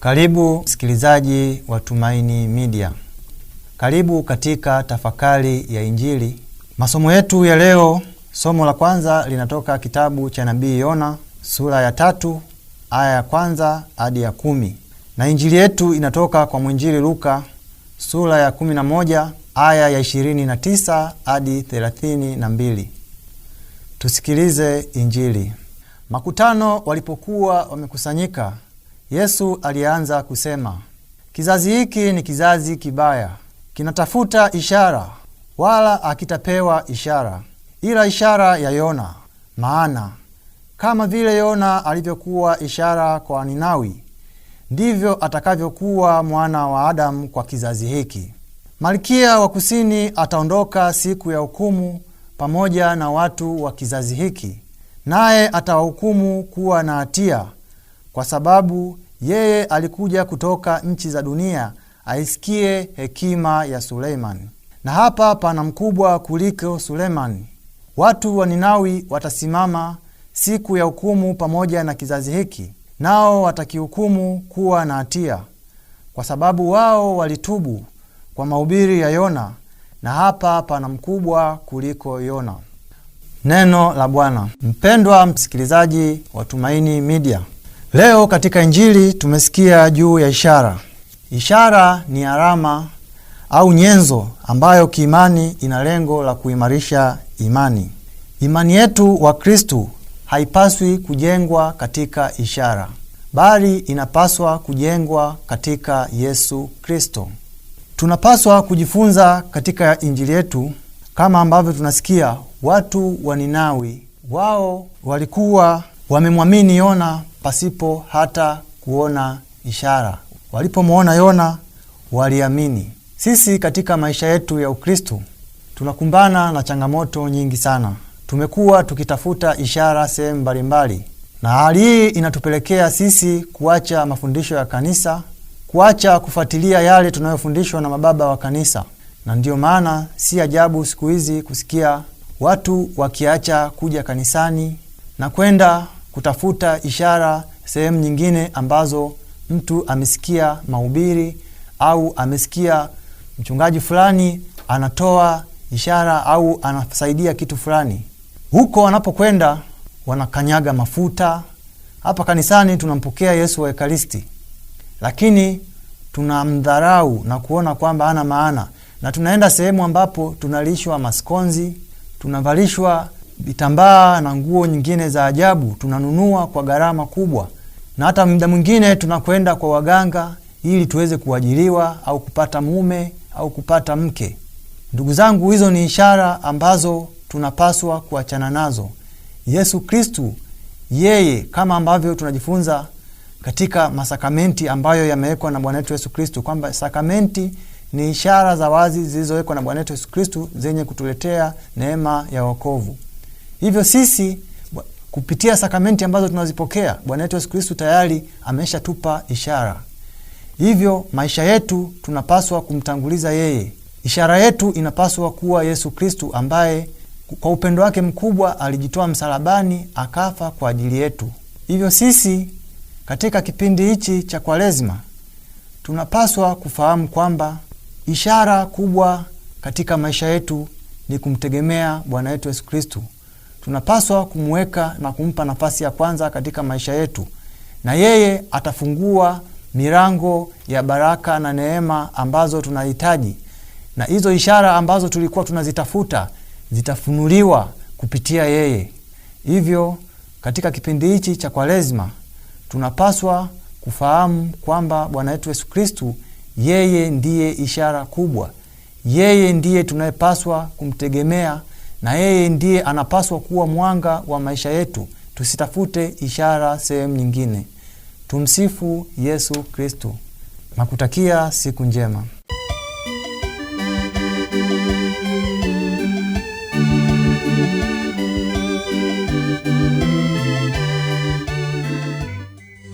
Karibu msikilizaji wa Tumaini Media. Karibu katika tafakari ya Injili. Masomo yetu ya leo, somo la kwanza linatoka kitabu cha Nabii Yona sura ya tatu aya ya kwanza hadi ya kumi na Injili yetu inatoka kwa mwinjili Luka sura ya kumi na moja aya ya 29 hadi 32. Tusikilize Injili. Makutano walipokuwa wamekusanyika, Yesu alianza kusema, kizazi hiki ni kizazi kibaya, kinatafuta ishara, wala akitapewa ishara ila ishara ya Yona. Maana kama vile Yona alivyokuwa ishara kwa Ninawi, ndivyo atakavyokuwa mwana wa Adamu kwa kizazi hiki. Malkia wa Kusini ataondoka siku ya hukumu pamoja na watu wa kizazi hiki, naye atawahukumu kuwa na hatia, kwa sababu yeye alikuja kutoka nchi za dunia aisikie hekima ya Suleimani, na hapa pana mkubwa kuliko Suleimani. Watu wa Ninawi watasimama siku ya hukumu pamoja na kizazi hiki, nao watakihukumu kuwa na hatia, kwa sababu wao walitubu kwa mahubiri ya Yona, na hapa pana mkubwa kuliko Yona. Neno la Bwana. Mpendwa msikilizaji wa Tumaini Media, leo katika Injili tumesikia juu ya ishara. Ishara ni arama au nyenzo ambayo kiimani ina lengo la kuimarisha imani. Imani yetu wa Kristu haipaswi kujengwa katika ishara, bali inapaswa kujengwa katika Yesu Kristo. Tunapaswa kujifunza katika Injili yetu kama ambavyo tunasikia watu wa Ninawi, wao walikuwa wamemwamini Yona pasipo hata kuona ishara. Walipomwona Yona waliamini. Sisi katika maisha yetu ya ukristu tunakumbana na changamoto nyingi sana. Tumekuwa tukitafuta ishara sehemu mbalimbali, na hali hii inatupelekea sisi kuacha mafundisho ya kanisa kuacha kufuatilia yale tunayofundishwa na mababa wa kanisa. Na ndiyo maana si ajabu siku hizi kusikia watu wakiacha kuja kanisani na kwenda kutafuta ishara sehemu nyingine ambazo mtu amesikia mahubiri au amesikia mchungaji fulani anatoa ishara au anasaidia kitu fulani. Huko wanapokwenda wanakanyaga mafuta. Hapa kanisani tunampokea Yesu wa Ekaristi lakini tunamdharau na kuona kwamba hana maana, na tunaenda sehemu ambapo tunalishwa maskonzi, tunavalishwa vitambaa na nguo nyingine za ajabu, tunanunua kwa gharama kubwa, na hata mda mwingine tunakwenda kwa waganga ili tuweze kuajiriwa au kupata mume au kupata mke. Ndugu zangu, hizo ni ishara ambazo tunapaswa kuachana nazo. Yesu Kristu yeye kama ambavyo tunajifunza katika masakamenti ambayo yamewekwa na Bwana wetu Yesu Kristu, kwamba sakramenti ni ishara za wazi zilizowekwa na Bwana wetu Yesu Kristu zenye kutuletea neema ya wokovu. Hivyo sisi kupitia sakramenti ambazo tunazipokea Bwana wetu Yesu Kristu tayari ameshatupa ishara, hivyo maisha yetu tunapaswa kumtanguliza yeye. Ishara yetu inapaswa kuwa Yesu Kristu ambaye kwa upendo wake mkubwa alijitoa msalabani akafa kwa ajili yetu. Hivyo sisi katika kipindi hichi cha Kwaresma tunapaswa kufahamu kwamba ishara kubwa katika maisha yetu ni kumtegemea Bwana wetu Yesu Kristu. Tunapaswa kumweka na kumpa nafasi ya kwanza katika maisha yetu, na yeye atafungua milango ya baraka na neema ambazo tunahitaji, na hizo ishara ambazo tulikuwa tunazitafuta zitafunuliwa kupitia yeye. Hivyo katika kipindi hichi cha Kwaresma tunapaswa kufahamu kwamba Bwana wetu Yesu Kristu, yeye ndiye ishara kubwa, yeye ndiye tunayepaswa kumtegemea na yeye ndiye anapaswa kuwa mwanga wa maisha yetu. Tusitafute ishara sehemu nyingine. Tumsifu Yesu Kristu. Nakutakia siku njema.